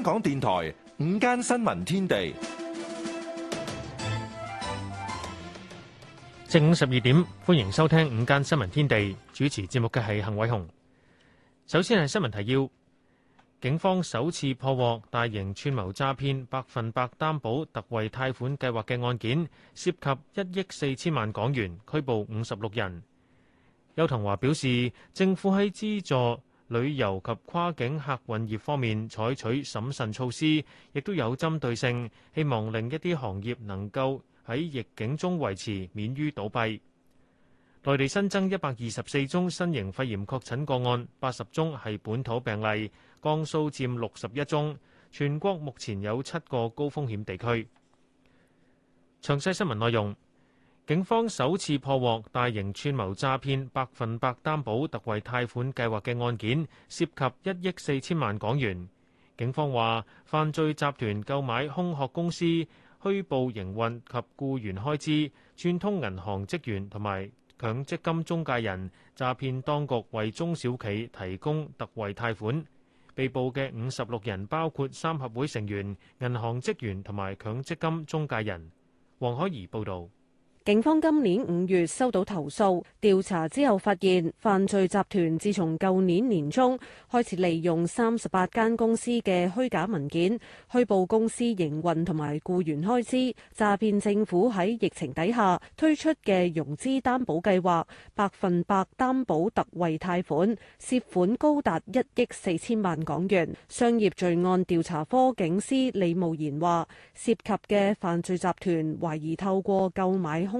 香港電台午間新聞天地，正午十二點，歡迎收聽午間新聞天地。主持節目嘅係幸偉雄。首先係新聞提要：警方首次破獲大型串謀詐騙、百分百擔保特惠貸款計劃嘅案件，涉及一億四千萬港元，拘捕五十六人。邱騰華表示，政府喺資助。旅遊及跨境客運業方面採取審慎措施，亦都有針對性，希望令一啲行業能夠喺逆境中維持免於，免於倒閉。內地新增一百二十四宗新型肺炎確診個案，八十宗係本土病例，江蘇佔六十一宗，全國目前有七個高風險地區。詳細新聞內容。警方首次破獲大型串謀詐騙百分百擔保特惠貸款計劃嘅案件，涉及一億四千萬港元。警方話，犯罪集團購買空殼公司，虛報營運及僱員開支，串通銀行職員同埋強積金中介人詐騙當局為中小企提供特惠貸款。被捕嘅五十六人包括三合會成員、銀行職員同埋強積金中介人。黃海怡報導。警方今年五月收到投訴，調查之後發現，犯罪集團自從舊年年中開始利用三十八間公司嘅虛假文件虛報公司營運同埋僱員開支，詐騙政府喺疫情底下推出嘅融資擔保計劃，百分百擔保特惠貸款，涉款高達一億四千萬港元。商業罪案調查科警司李慕賢話，涉及嘅犯罪集團懷疑透過購買空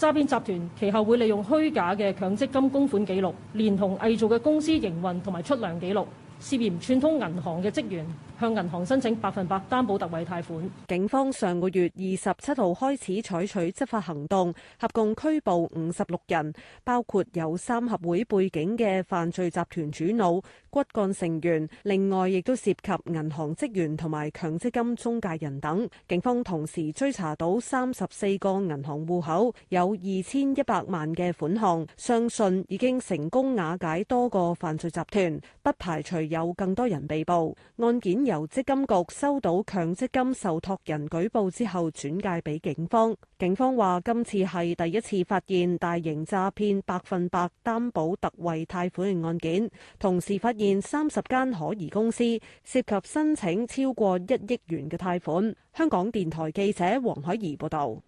詐騙集團其後會利用虛假嘅強積金供款記錄，連同偽造嘅公司營運同埋出糧記錄，涉嫌串通銀行嘅職員，向銀行申請百分百擔保特惠貸款。警方上個月二十七號開始採取執法行動，合共拘捕五十六人，包括有三合會背景嘅犯罪集團主腦。骨幹成員，另外亦都涉及銀行職員同埋強積金中介人等。警方同時追查到三十四個銀行戶口，有二千一百萬嘅款項，相信已經成功瓦解多個犯罪集團，不排除有更多人被捕。案件由積金局收到強積金受託人舉報之後轉介俾警方。警方話今次係第一次發現大型詐騙百分百擔保特惠貸款嘅案件，同時發現現三十間可疑公司涉及申請超過一億元嘅貸款。香港電台記者黃海怡報道：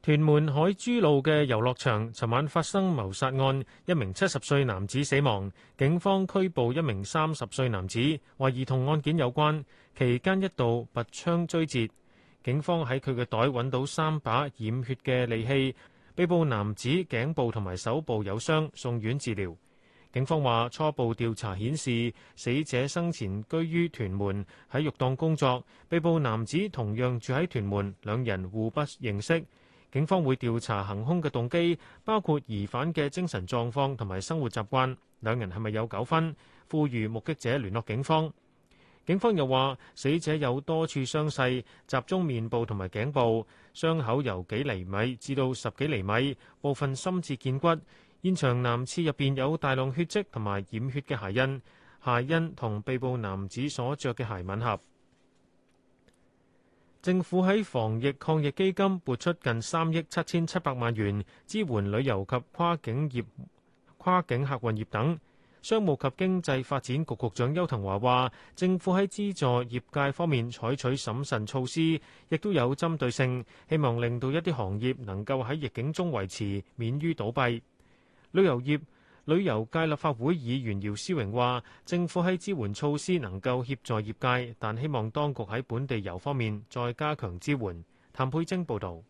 屯門海珠路嘅遊樂場尋晚發生謀殺案，一名七十歲男子死亡，警方拘捕一名三十歲男子，懷疑同案件有關。期間一度拔槍追截，警方喺佢嘅袋揾到三把染血嘅利器，被捕男子頸部同埋手部有傷，送院治療。警方話：初步調查顯示，死者生前居於屯門，喺肉檔工作。被捕男子同樣住喺屯門，兩人互不認識。警方會調查行凶嘅動機，包括疑犯嘅精神狀況同埋生活習慣，兩人係咪有糾紛？呼籲目擊者聯絡警方。警方又話，死者有多處傷勢，集中面部同埋頸部，傷口由幾厘米至到十幾厘米，部分深至見骨。現場男廁入邊有大量血跡，同埋染血嘅鞋印，鞋印同被捕男子所着嘅鞋吻合。政府喺防疫抗疫基金撥出近三億七千七百萬元，支援旅遊及跨境業、跨境客運業等。商務及經濟發展局局長邱騰華話，政府喺資助業界方面採取審慎措施，亦都有針對性，希望令到一啲行業能夠喺逆境中維持，免於倒閉。旅遊業、旅遊界立法會議員姚思榮話，政府喺支援措施能夠協助業界，但希望當局喺本地遊方面再加強支援。譚佩晶報導。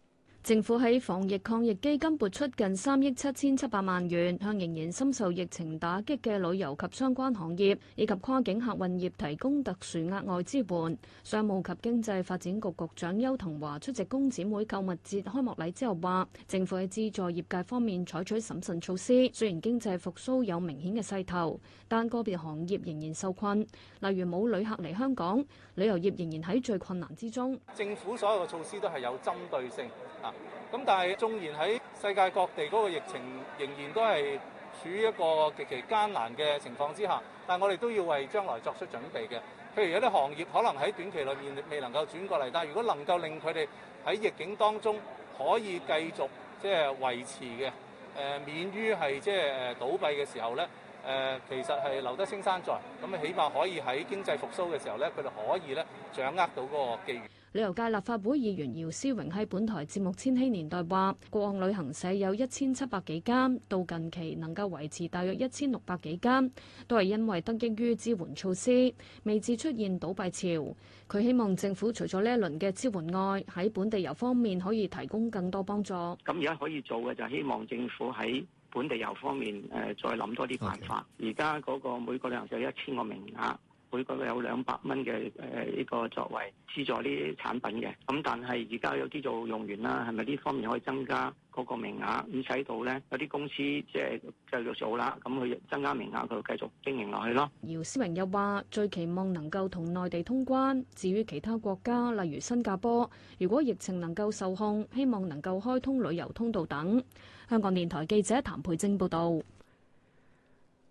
政府喺防疫抗疫基金撥出近三億七千七百萬元，向仍然深受疫情打擊嘅旅遊及相關行業以及跨境客運業提供特殊額外支援。商務及經濟發展局局長邱騰華出席公展會購物節開幕禮之後話，政府喺資助業界方面採取審慎措施。雖然經濟復甦有明顯嘅勢頭，但個別行業仍然受困，例如冇旅客嚟香港，旅遊業仍然喺最困難之中。政府所有嘅措施都係有針對性。嗱，咁、啊、但係縱然喺世界各地嗰個疫情仍然都係處於一個極其艱難嘅情況之下，但係我哋都要為將來作出準備嘅。譬如有啲行業可能喺短期裏面未能夠轉過嚟，但係如果能夠令佢哋喺逆境當中可以繼續即係維持嘅，誒、呃、免於係即係誒倒閉嘅時候咧，誒、呃、其實係留得青山在，咁啊起碼可以喺經濟復甦嘅時候咧，佢哋可以咧掌握到嗰個機遇。旅遊界立法會議員姚思榮喺本台節目《千禧年代》話：過往旅行社有一千七百幾間，到近期能夠維持大約一千六百幾間，都係因為得益於支援措施，未至出現倒閉潮。佢希望政府除咗呢一輪嘅支援外，喺本地遊方面可以提供更多幫助。咁而家可以做嘅就係希望政府喺本地遊方面誒再諗多啲辦法。而家嗰個每個旅行社一千個名額。每個有兩百蚊嘅誒呢個作為資助啲產品嘅，咁但係而家有啲就用完啦，係咪呢方面可以增加嗰個名額？咁使到呢，有啲公司即係繼續做啦，咁佢增加名額佢繼續經營落去咯。姚思榮又話：最期望能夠同內地通關，至於其他國家例如新加坡，如果疫情能夠受控，希望能夠開通旅遊通道等。香港電台記者譚培正報道。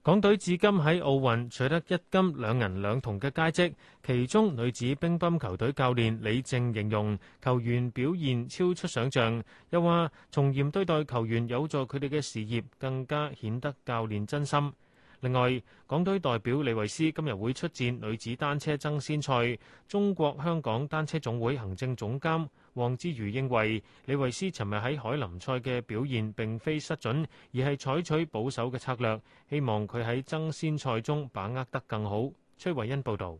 港隊至今喺奧運取得一金兩銀兩銅嘅佳績，其中女子乒乓球隊教練李靜形容球員表現超出想象，又話從嚴對待球員有助佢哋嘅事業，更加顯得教練真心。另外，港隊代表李維斯今日會出戰女子單車爭先賽，中國香港單車總會行政總監黃之瑜認為李維斯尋日喺海林賽嘅表現並非失準，而係採取保守嘅策略，希望佢喺爭先賽中把握得更好。崔慧欣報道。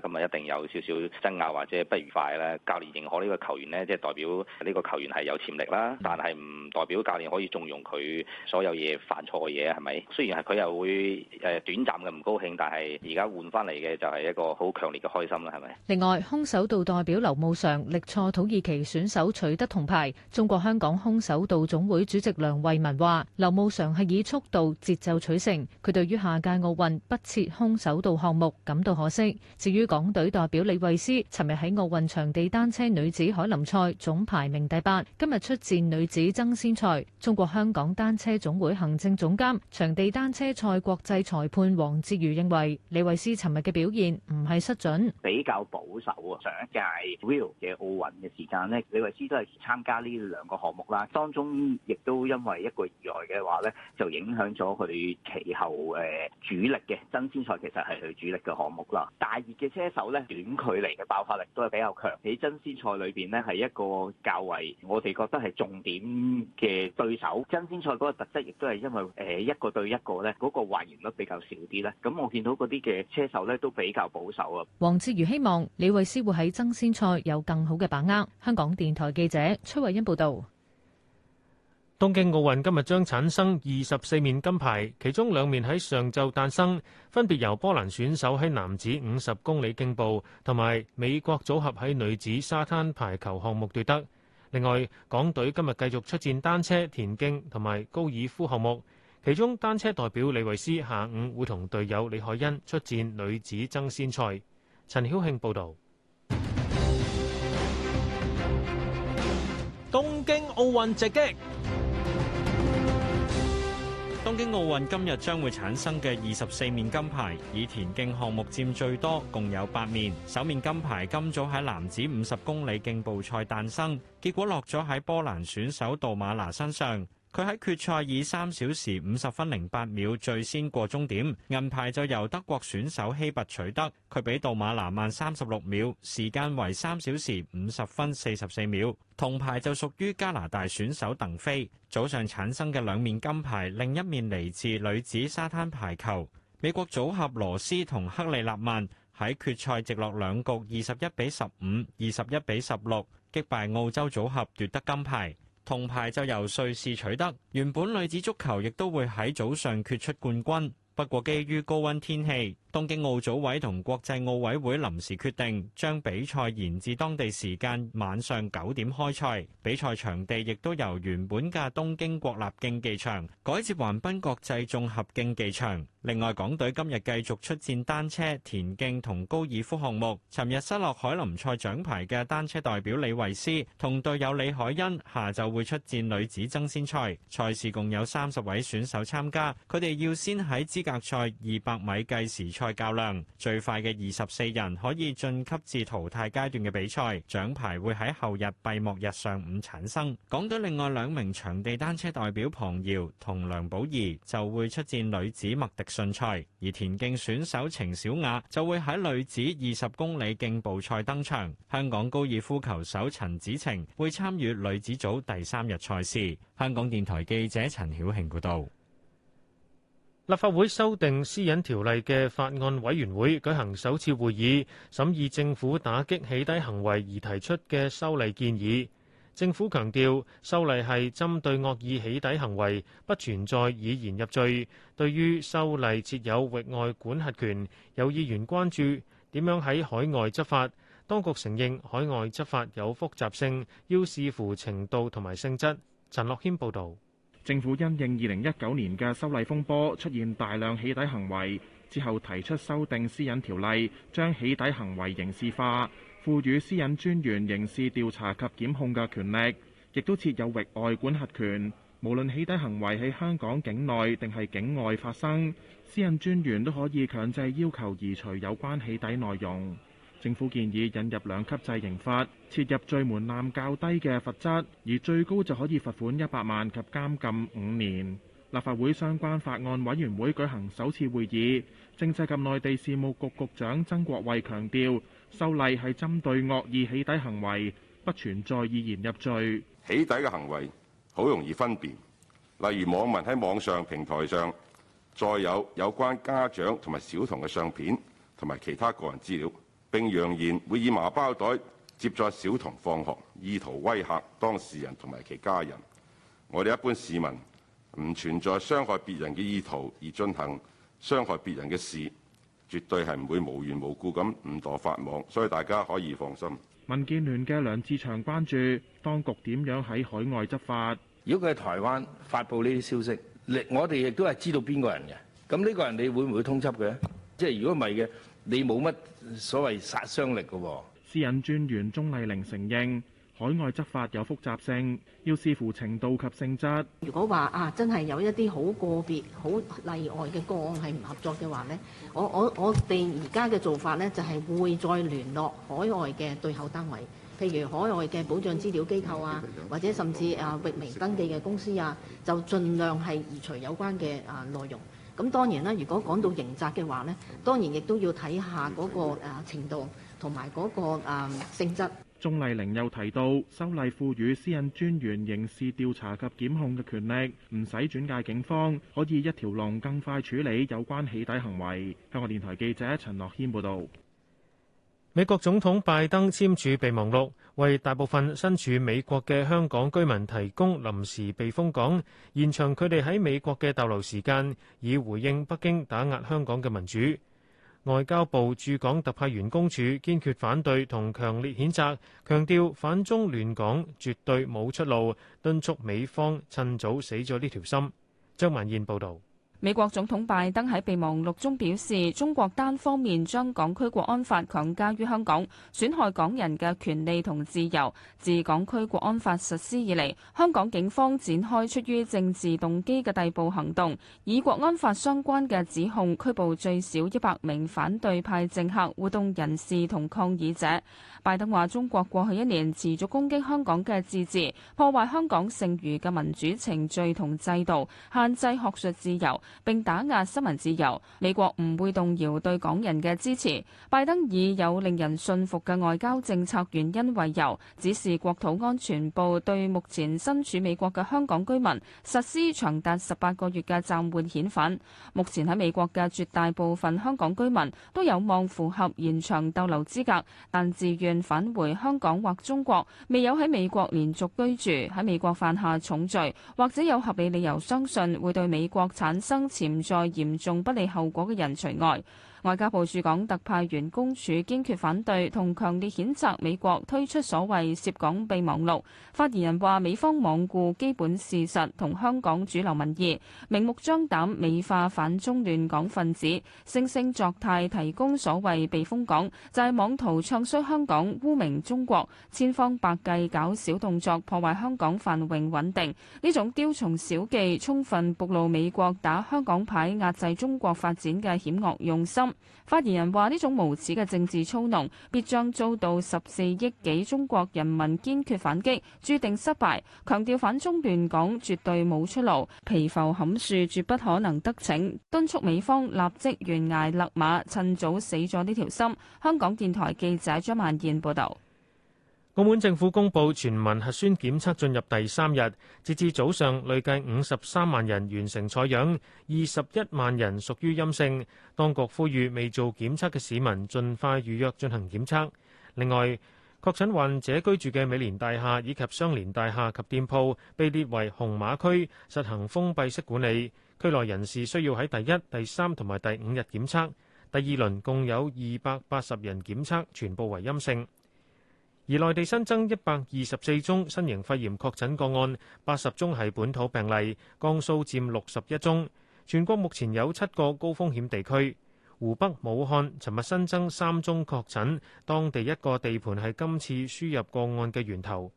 咁咪一定有少少爭拗或者不愉快咧。教練認可呢個球員咧，即係代表呢個球員係有潛力啦，但係唔代表教練可以縱容佢所有嘢犯錯嘅嘢，係咪？雖然係佢又會誒短暫嘅唔高興，但係而家換翻嚟嘅就係一個好強烈嘅開心啦，係咪？另外，空手道代表劉慕裳力挫土耳其選手取得銅牌。中國香港空手道總會主席梁慧文話，劉慕裳係以速度節奏取勝。佢對於下屆奧運不設空手道項目感到可惜。至於港隊代表李慧詩，尋日喺奧運場地單車女子海林賽總排名第八，今日出戰女子爭先賽。中國香港單車總會行政總監、場地單車賽國際裁判黃志如認為，李慧詩尋日嘅表現唔係失準，比較保守。上一屆嘅奧運嘅時間咧，李慧詩都係參加呢兩個項目啦，當中亦都因為一個意外嘅話咧，就影響咗佢其後誒主力嘅爭先賽，其實係佢主力嘅項目啦，大熱嘅。車手咧短距離嘅爆發力都係比較強，喺爭先賽裏邊咧係一個較為我哋覺得係重點嘅對手。爭先賽嗰個特質亦都係因為誒一個對一個咧嗰個還原率比較少啲咧。咁我見到嗰啲嘅車手咧都比較保守啊。黃志如希望李慧詩會喺爭先賽有更好嘅把握。香港電台記者崔慧欣報道。東京奧運今日將產生二十四面金牌，其中兩面喺上晝誕生，分別由波蘭選手喺男子五十公里競步，同埋美國組合喺女子沙灘排球項目奪得。另外，港隊今日繼續出戰單車、田徑同埋高爾夫項目，其中單車代表李維斯下午會同隊友李海恩出戰女子爭先賽。陳曉慶報道。東京奧運直擊。東京奧運今日將會產生嘅二十四面金牌，以田徑項目佔最多，共有八面。首面金牌今早喺男子五十公里競步賽誕生，結果落咗喺波蘭選手杜馬拿身上。佢喺決賽以三小時五十分零八秒最先過終點，銀牌就由德國選手希拔取得，佢比杜馬拿慢三十六秒，時間為三小時五十分四十四秒。銅牌就屬於加拿大選手鄧飛。早上產生嘅兩面金牌，另一面嚟自女子沙灘排球。美國組合羅斯同克利納曼喺決賽直落兩局二十一比十五、二十一比十六，擊敗澳洲組合奪得金牌。銅牌就由瑞士取得。原本女子足球亦都會喺早上決出冠軍，不過基於高温天氣，東京奧組委同國際奧委會臨時決定將比賽延至當地時間晚上九點開賽，比賽場地亦都由原本嘅東京國立競技場改至橫濱國際綜合競技場。另外，港隊今日繼續出戰單車、田徑同高爾夫項目。尋日失落海林賽獎牌嘅單車代表李慧詩同隊友李海恩，下晝會出戰女子爭先賽。賽事共有三十位選手參加，佢哋要先喺資格賽二百米計時賽較量，最快嘅二十四人可以晉級至淘汰階段嘅比賽。獎牌會喺後日閉幕日上午產生。港隊另外兩名場地單車代表龐瑤同梁寶儀就會出戰女子麥迪競賽。而田徑選手程小雅就會喺女子二十公里競步賽登場。香港高爾夫球手陳芷晴會參與女子組第三日賽事。香港電台記者陳曉慶報道。立法會修訂私隱條例嘅法案委員會舉行首次會議，審議政府打擊起底行為而提出嘅修例建議。政府強調，修例係針對惡意起底行為，不存在以言入罪。對於修例設有域外管轄權，有議員關注點樣喺海外執法。當局承認海外執法有複雜性，要視乎程度同埋性質。陳樂軒報導，政府因應二零一九年嘅修例風波出現大量起底行為，之後提出修訂私隱條例，將起底行為刑事化。賦予私隱專員刑事調查及檢控嘅權力，亦都設有域外管轄權。無論起底行為喺香港境內定係境外發生，私隱專員都可以強制要求移除有關起底內容。政府建議引入兩級制刑罰，設入罪門檻較低嘅罰則，而最高就可以罰款一百萬及監禁五年。立法會相關法案委員會舉行首次會議，政制及內地事務局局局長曾國衛強調。修例係針對惡意起底行為，不存在以言入罪。起底嘅行為好容易分辨，例如網民喺網上平台上載有有關家長同埋小童嘅相片同埋其他個人資料，並揚言會以麻包袋接載小童放學，意圖威嚇當事人同埋其家人。我哋一般市民唔存在傷害別人嘅意圖而進行傷害別人嘅事。絕對係唔會無緣無故咁誤墮法網，所以大家可以放心。民建聯嘅梁志祥關注當局點樣喺海外執法。如果佢喺台灣發布呢啲消息，你我哋亦都係知道邊個人嘅。咁呢個人你會唔會通緝嘅？即係如果唔係嘅，你冇乜所謂殺傷力㗎喎。私隱專員鍾麗玲承認。海外執法有複雜性，要視乎程度及性質。如果話啊，真係有一啲好個別、好例外嘅個案係唔合作嘅話呢，我我我哋而家嘅做法呢，就係、是、會再聯絡海外嘅對口單位，譬如海外嘅保障資料機構啊，或者甚至啊域名登記嘅公司啊，就盡量係移除有關嘅啊內容。咁當然啦，如果講到刑責嘅話呢，當然亦都要睇下嗰個程度同埋嗰個、啊、性質。鍾麗玲又提到，修例賦予私隱專員刑事調查及檢控嘅權力，唔使轉介警方，可以一條龍更快處理有關起底行為。香港電台記者陳樂軒報導。美國總統拜登簽署備忘錄，為大部分身處美國嘅香港居民提供臨時避風港，延長佢哋喺美國嘅逗留時間，以回應北京打壓香港嘅民主。外交部駐港特派員公署堅決反對同強烈譴責，強調反中亂港絕對冇出路，敦促美方趁早死咗呢條心。張曼燕報道。美國總統拜登喺備忘錄中表示，中國單方面將港區國安法強加於香港，損害港人嘅權利同自由。自港區國安法實施以嚟，香港警方展開出於政治動機嘅逮捕行動，以國安法相關嘅指控拘捕最少一百名反對派政客、活動人士同抗議者。拜登話：中國過去一年持續攻擊香港嘅自治，破壞香港剩餘嘅民主程序同制度，限制學術自由並打壓新聞自由。美國唔會動搖對港人嘅支持。拜登以有令人信服嘅外交政策原因為由，指示國土安全部對目前身處美國嘅香港居民實施長達十八個月嘅暫緩遣返。目前喺美國嘅絕大部分香港居民都有望符合延長逗留資格，但自願返回香港或中國，未有喺美國連續居住，喺美國犯下重罪，或者有合理理由相信會對美國產生潛在嚴重不利後果嘅人除外。外交部駐港特派員公署堅決反對同強烈譴責美國推出所謂涉港備忘錄。發言人話：美方罔顧基本事實同香港主流民意，明目張膽美化反中亂港分子，惺惺作態提供所謂避風港，就係、是、妄圖唱衰香港、污名中國，千方百計搞小動作破壞香港繁榮穩定。呢種雕蟲小技，充分暴露美國打香港牌壓制中國發展嘅險惡用心。發言人話：呢種無恥嘅政治操弄，必將遭到十四億幾中國人民堅決反擊，注定失敗。強調反中亂港絕對冇出路，蚍蜉撼樹絕不可能得逞。敦促美方立即懸崖勒馬，趁早死咗呢條心。香港電台記者張曼燕報道。澳門政府公布全民核酸檢測進入第三日，截至早上累計五十三萬人完成採樣，二十一萬人屬於陰性。當局呼籲未做檢測嘅市民盡快預約進行檢測。另外，確診患者居住嘅美聯大廈以及相連大廈及店鋪被列為紅碼區，實行封閉式管理。區內人士需要喺第一、第三同埋第五日檢測。第二輪共有二百八十人檢測，全部為陰性。而內地新增一百二十四宗新型肺炎確診個案，八十宗係本土病例，江蘇佔六十一宗。全國目前有七個高風險地區，湖北武漢尋日新增三宗確診，當地一個地盤係今次輸入個案嘅源頭。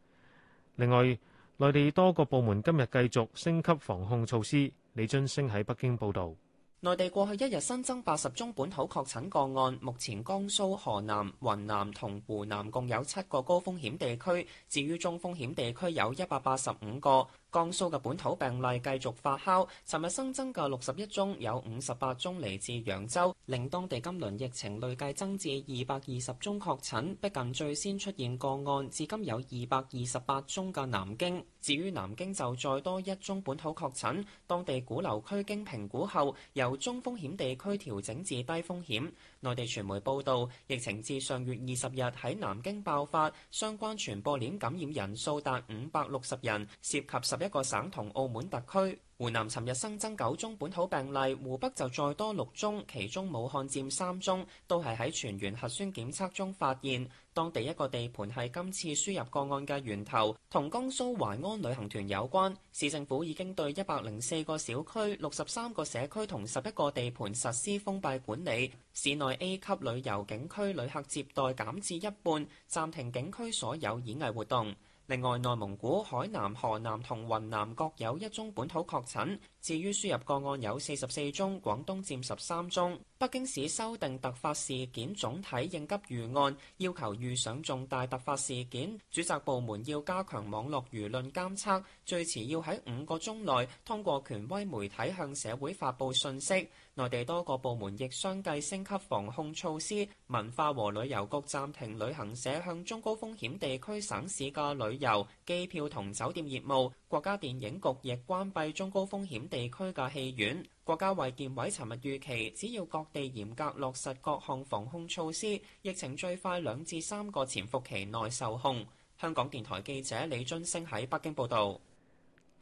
另外，內地多個部門今日繼續升級防控措施。李津升喺北京報導。內地過去一日新增八十宗本土確診個案，目前江蘇、河南、雲南同湖南共有七個高風險地區，至於中風險地區有一百八十五個。江蘇嘅本土病例繼續發酵，尋日新增嘅六十一宗有五十八宗嚟自揚州，令當地今輪疫情累計增至二百二十宗確診，逼近最先出現個案，至今有二百二十八宗嘅南京。至於南京就再多一宗本土確診，當地鼓樓區經評估後由中風險地區調整至低風險。內地傳媒報導，疫情至上月二十日喺南京爆發，相關傳播鏈感染人數達五百六十人，涉及十一個省同澳門特區。湖南尋日新增九宗本土病例，湖北就再多六宗，其中武漢佔三宗，都係喺全員核酸檢測中發現。當地一個地盤係今次輸入個案嘅源頭，同江蘇淮安旅行團有關。市政府已經對一百零四個小區、六十三個社區同十一個地盤實施封閉管理，市內 A 級旅遊景區旅客接待減至一半，暫停景區所有演藝活動。另外，內蒙古、海南、河南同雲南各有一宗本土確診。至於輸入個案有四十四宗，廣東佔十三宗。北京市修訂突發事件總體應急預案，要求遇上重大突發事件，主責部門要加強網絡輿論監測，最遲要喺五個鐘內通過權威媒體向社會發佈信息。內地多個部門亦相繼升級防控措施，文化和旅遊局暫停旅行社向中高風險地區省市嘅旅遊、機票同酒店業務。國家電影局亦關閉中高風險地區嘅戲院，國家衛健委尋日預期，只要各地嚴格落實各項防控措施，疫情最快兩至三個潛伏期內受控。香港電台記者李津升喺北京報道。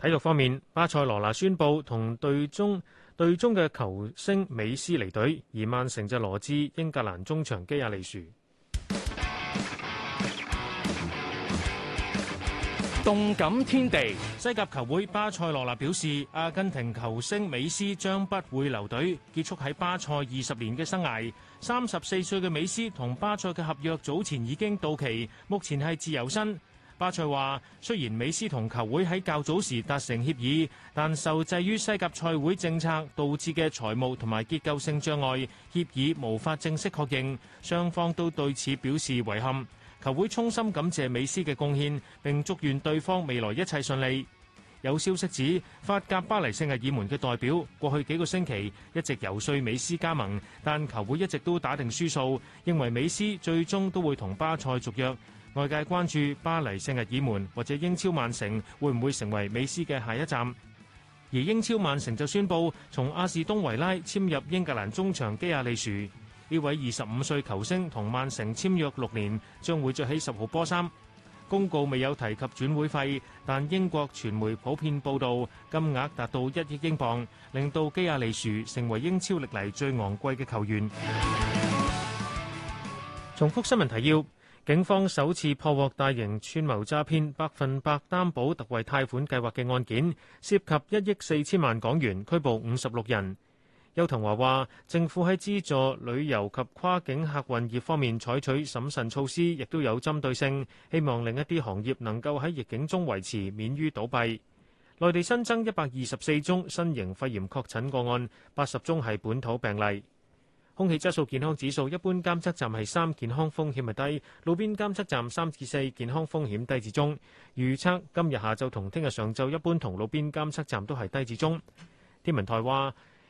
體育方面，巴塞羅那宣布同隊中隊中嘅球星美斯離隊，而曼城就羅致英格蘭中場基亞利殊。動感天地。西甲球會巴塞羅那表示，阿根廷球星美斯將不會留隊，結束喺巴塞二十年嘅生涯。三十四歲嘅美斯同巴塞嘅合約早前已經到期，目前係自由身。巴塞話，雖然美斯同球會喺較早時達成協議，但受制於西甲賽會政策導致嘅財務同埋結構性障礙，協議無法正式確認，雙方都對此表示遺憾。球會衷心感謝美斯嘅貢獻，並祝願對方未來一切順利。有消息指，法甲巴黎聖日耳門嘅代表過去幾個星期一直游說美斯加盟，但球會一直都打定輸數，認為美斯最終都會同巴塞續約。外界關注巴黎聖日耳門或者英超曼城會唔會成為美斯嘅下一站。而英超曼城就宣布從阿士東維拉簽入英格蘭中場基亞利殊。呢位二十五歲球星同曼城簽約六年，將會着起十號波衫。公告未有提及轉會費，但英國傳媒普遍報導金額達到一億英鎊，令到基亞利殊成為英超歷嚟最昂貴嘅球員。重複新聞提要：警方首次破獲大型串謀詐騙百分百擔保特惠貸款計劃嘅案件，涉及一億四千萬港元，拘捕五十六人。邱騰華話：，政府喺資助旅遊及跨境客運業方面採取審慎措施，亦都有針對性，希望另一啲行業能夠喺逆境中維持，免於倒閉。內地新增一百二十四宗新型肺炎確診個案，八十宗係本土病例。空氣質素健康指數一般監測站係三，健康風險係低；，路邊監測站三至四，健康風險低至中。預測今日下晝同聽日上晝一般同路邊監測站都係低至中。天文台話。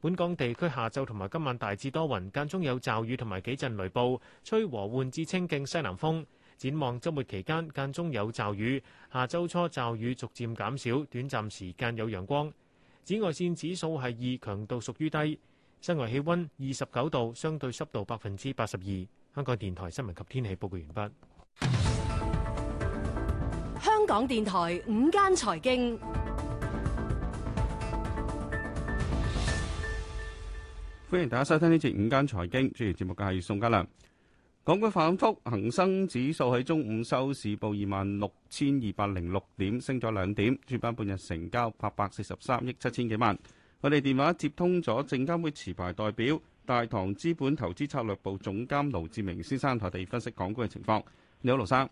本港地區下晝同埋今晚大致多雲，間中有驟雨同埋幾陣雷暴，吹和緩至清勁西南風。展望週末期間間中有驟雨，下周初驟雨逐漸減少，短暫時間有陽光。紫外線指數係二，強度屬於低。室外氣溫二十九度，相對濕度百分之八十二。香港電台新聞及天氣報告完畢。香港電台午間財經。歡迎大家收聽呢節午間財經，主持節目嘅係宋嘉良。港股反覆，恒生指數喺中午收市報二萬六千二百零六點，升咗兩點。主板半日成交八百四十三億七千幾萬。我哋電話接通咗證監會持牌代表大同資本投資策略部總監盧志明先生，同我哋分析港股嘅情況。你好，盧生。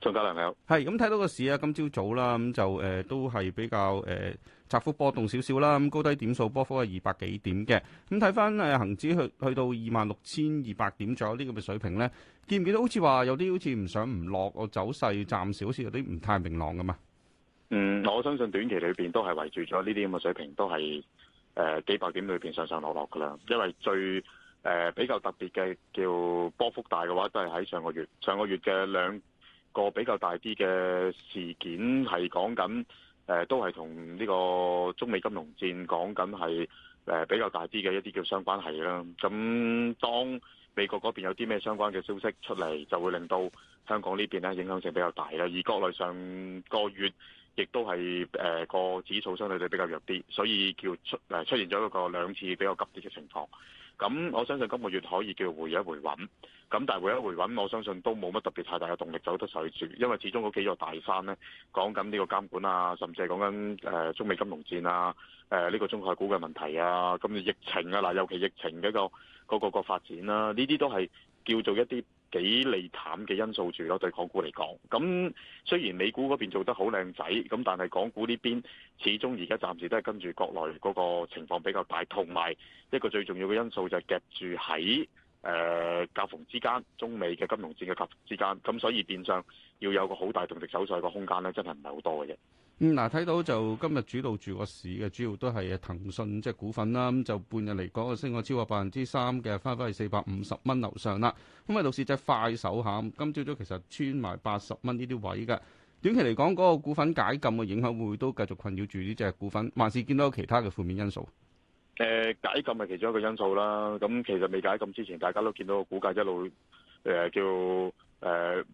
張家良你好。係咁睇到個市啊，今朝早啦，咁就誒、呃、都係比較誒、呃、窄幅波動少少啦，咁高低點數波幅係二百幾點嘅，咁睇翻誒恒指去去到二萬六千二百點左右呢咁嘅水平咧，見唔見到好似話有啲好似唔上唔落個走勢暫時好似有啲唔太明朗噶嘛？嗯，我相信短期裏邊都係圍住咗呢啲咁嘅水平，都係誒、呃、幾百點裏邊上上落落噶啦，因為最誒、呃、比較特別嘅叫波幅大嘅話，都係喺上個月上個月嘅兩。個比較大啲嘅事件係講緊，誒都係同呢個中美金融戰講緊係誒比較大啲嘅一啲叫相關係啦。咁當美國嗰邊有啲咩相關嘅消息出嚟，就會令到香港呢邊咧影響性比較大啦。而國內上個月亦都係誒個指數相對就比較弱啲，所以叫出誒出現咗一個兩次比較急跌嘅情況。咁我相信今個月可以叫回一回穩，咁但係回一回穩，我相信都冇乜特別太大嘅動力走得上去住，因為始終嗰幾座大山呢，講緊呢個監管啊，甚至係講緊誒中美金融戰啊，誒、啊、呢、呢個中概股嘅問題啊，咁疫情啊，嗱尤其疫情嘅、嗰個嗰個、嗰個發展啦、啊，呢啲都係叫做一啲幾利淡嘅因素住咯，對港股嚟講。咁雖然美股嗰邊做得好靚仔，咁但係港股呢邊始終而家暫時都係跟住國內嗰個情況比較大，同埋一個最重要嘅因素就係夾住喺誒夾縫之間，中美嘅金融戰嘅夾縫之間。咁所以變相要有個好大動力手勢嘅空間咧，真係唔係好多嘅啫。嗱睇，嗯、到就今日主導住個市嘅主要都係騰訊即係股份啦，咁就半日嚟講個升過超過百分之三嘅，翻返去四百五十蚊樓上啦。咁、嗯、啊，到時隻快手吓，今朝早其實穿埋八十蚊呢啲位㗎。短期嚟講，嗰，那個股份解禁嘅影響會唔會都繼續困擾住呢隻股份？還是見到其他嘅負面因素？誒，嗯、解禁係其中一個因素啦。咁其實未解禁之前，大家都見到個股價一路誒，呃、叫誒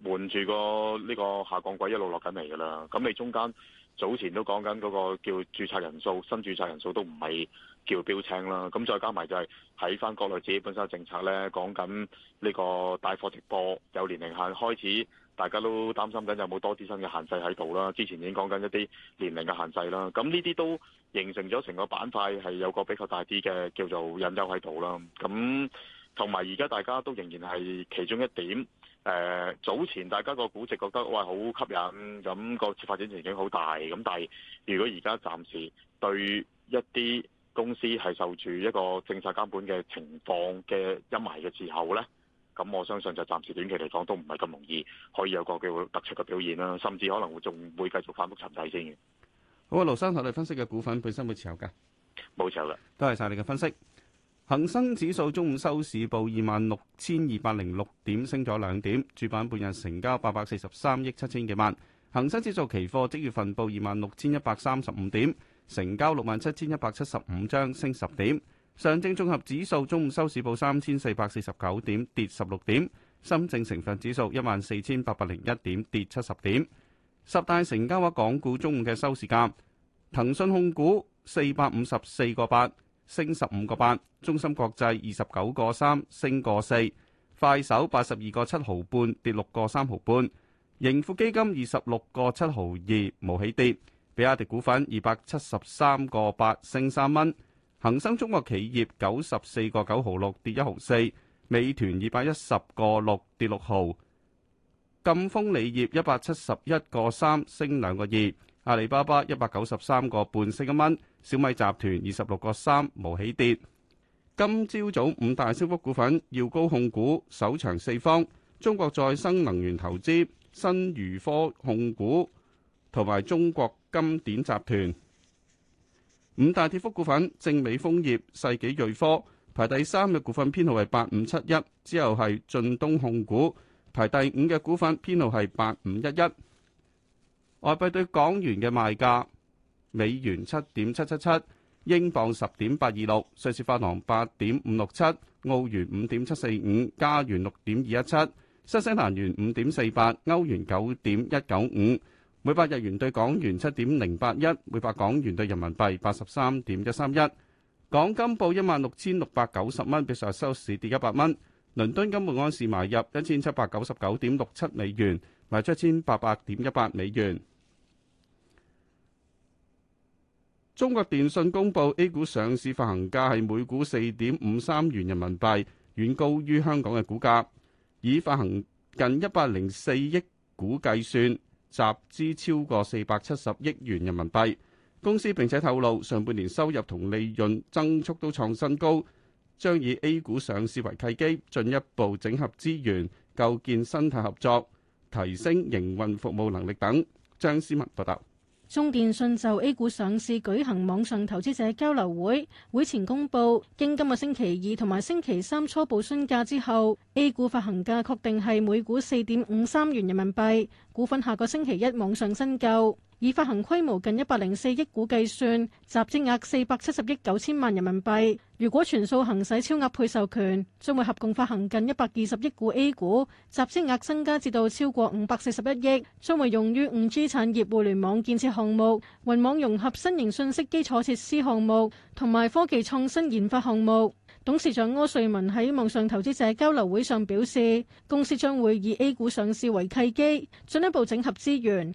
緩住個呢個下降軌一路落緊嚟㗎啦。咁你中間早前都講緊嗰個叫註冊人數，新註冊人數都唔係叫標青啦。咁再加埋就係喺翻國內自己本身嘅政策呢。講緊呢個帶貨直播有年齡限，開始大家都擔心緊有冇多啲新嘅限制喺度啦。之前已經講緊一啲年齡嘅限制啦。咁呢啲都形成咗成個板塊係有個比較大啲嘅叫做隱憂喺度啦。咁同埋而家大家都仍然係其中一點。誒、呃，早前大家個估值覺得哇，好、哎、吸引，咁、那個發展前景好大，咁但係如果而家暫時對一啲公司係受住一個政策監管嘅情況嘅陰霾嘅時候呢，咁我相信就暫時短期嚟講都唔係咁容易可以有個機會突出嘅表現啦，甚至可能會仲會繼續反覆沉底先嘅。好啊，劉生，我哋分析嘅股份本身會持有噶，冇持有啦。多謝晒你嘅分析。恒生指數中午收市報二萬六千二百零六點，升咗兩點。主板半日成交八百四十三億七千幾萬。恒生指數期貨即月份報二萬六千一百三十五點，成交六萬七千一百七十五張，升十點。上證綜合指數中午收市報三千四百四十九點，跌十六點。深證成分指數一萬四千八百零一點，跌七十點。十大成交額港股中午嘅收市價，騰訊控股四百五十四個八。升十五個八，中芯國際二十九個三，升個四，快手八十二個七毫半，跌六個三毫半，盈富基金二十六個七毫二，冇起跌，比亞迪股份二百七十三個八，升三蚊，恒生中國企業九十四個九毫六，跌一毫四，美團二百一十個六，跌六毫，贛鋒鋰業一百七十一個三，升兩個二。阿里巴巴一百九十三個半四一蚊，小米集團二十六個三無起跌。今朝早，早五大升幅股份：耀高控股、首長四方、中國再生能源投資、新宇科控股，同埋中國金典集團。五大跌幅股份：正美豐業、世紀瑞科。排第三嘅股份編號係八五七一，之後係晉東控股。排第五嘅股份編號係八五一一。外幣對港元嘅賣價：美元七點七七七，英鎊十點八二六，瑞士法郎八點五六七，澳元五點七四五，加元六點二一七，新西蘭元五點四八，歐元九點一九五。每百日元對港元七點零八一，每百港元對人民幣八十三點一三一。港金報一萬六千六百九十蚊，比上日收市跌一百蚊。倫敦金每安士買入一千七百九十九點六七美元，賣出一千八百點一八美元。中國電信公布 A 股上市發行價係每股四點五三元人民幣，遠高於香港嘅股價。以發行近一百零四億股計算，集資超過四百七十億元人民幣。公司並且透露，上半年收入同利潤增速都創新高，將以 A 股上市為契機，進一步整合資源，構建生態合作，提升營運服務能力等。張思文報道。多多中電訊就 A 股上市舉行網上投資者交流會，會前公布經今個星期二同埋星期三初步詢價之後，A 股發行價確定係每股四點五三元人民幣，股份下個星期一網上申購。以發行規模近一百零四億股計算，集資額四百七十億九千萬人民幣。如果全數行使超額配售權，將會合共發行近一百二十億股 A 股，集資額增加至到超過五百四十一億，將會用於五 G 產業、互聯網建設項目、雲網融合新型信息基礎設施項目同埋科技創新研發項目。董事長柯瑞文喺網上投資者交流會上表示，公司將會以 A 股上市為契機，進一步整合資源。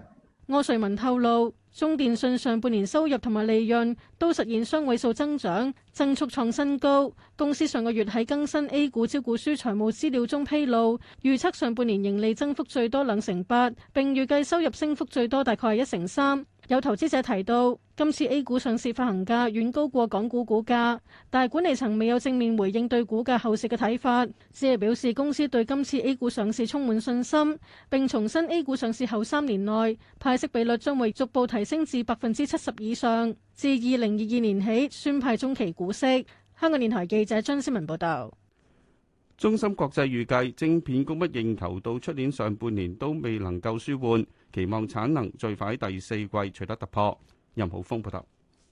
柯瑞文透露，中電信上半年收入同埋利潤都實現雙位數增長，增速創新高。公司上個月喺更新 A 股招股書財務資料中披露，預測上半年盈利增幅最多兩成八，並預計收入升幅最多大概係一成三。有投資者提到，今次 A 股上市發行價遠高過港股股價，但係管理層未有正面回應對股價後市嘅睇法，只係表示公司對今次 A 股上市充滿信心，並重申 A 股上市後三年內派息比率將會逐步提升至百分之七十以上，自二零二二年起宣派中期股息。香港電台記者張思文報道。中芯國際預計晶片供不應求到出年上半年都未能夠舒緩，期望產能最快喺第四季取得突破。任浩峯報道，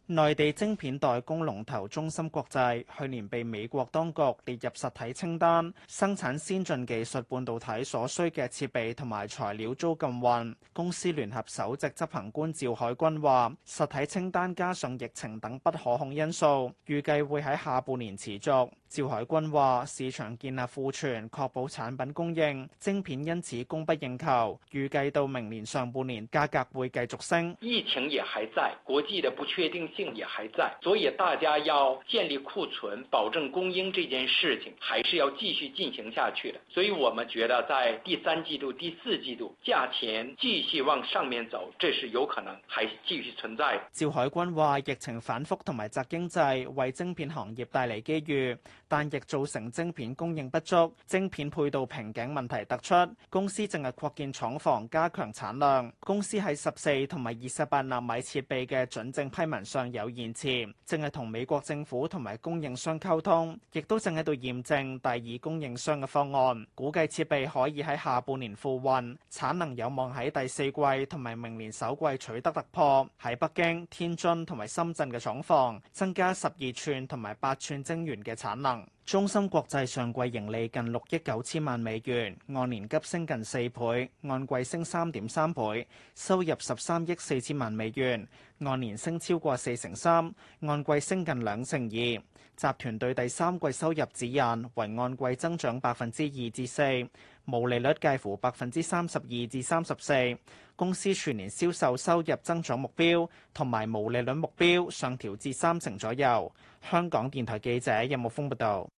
內地晶片代工龍頭中芯國際去年被美國當局列入實體清單，生產先進技術半導體所需嘅設備同埋材料遭禁運。公司聯合首席執行官趙海軍話：實體清單加上疫情等不可控因素，預計會喺下半年持續。趙海軍話：市場建立庫存，確保產品供應，晶片因此供不應求。預計到明年上半年，價格會繼續升。疫情也還在，國際的不確定性也還在，所以大家要建立庫存，保證供應這件事情，還是要繼續進行下去的。所以我們覺得，在第三季度、第四季度，價錢繼續往上面走，這是有可能，還是繼續存在。趙海軍話：疫情反覆同埋窒經濟，為晶片行業帶嚟機遇。但亦造成晶片供應不足，晶片配套瓶頸問題突出。公司正係擴建廠房，加強產量。公司喺十四同埋二十八納米設備嘅准證批文上有延遲，正係同美國政府同埋供應商溝通，亦都正喺度驗證第二供應商嘅方案。估計設備可以喺下半年復運，產能有望喺第四季同埋明年首季取得突破。喺北京、天津同埋深圳嘅廠房，增加十二寸同埋八寸晶圓嘅產能。中芯國際上季盈利近六億九千萬美元，按年急升近四倍，按季升三點三倍，收入十三億四千萬美元，按年升超過四成三，按季升近兩成二。集團對第三季收入指引為按季增長百分之二至四，毛利率介乎百分之三十二至三十四。公司全年銷售收入增長目標同埋毛利率目標上調至三成左右。香港電台記者任木風報道。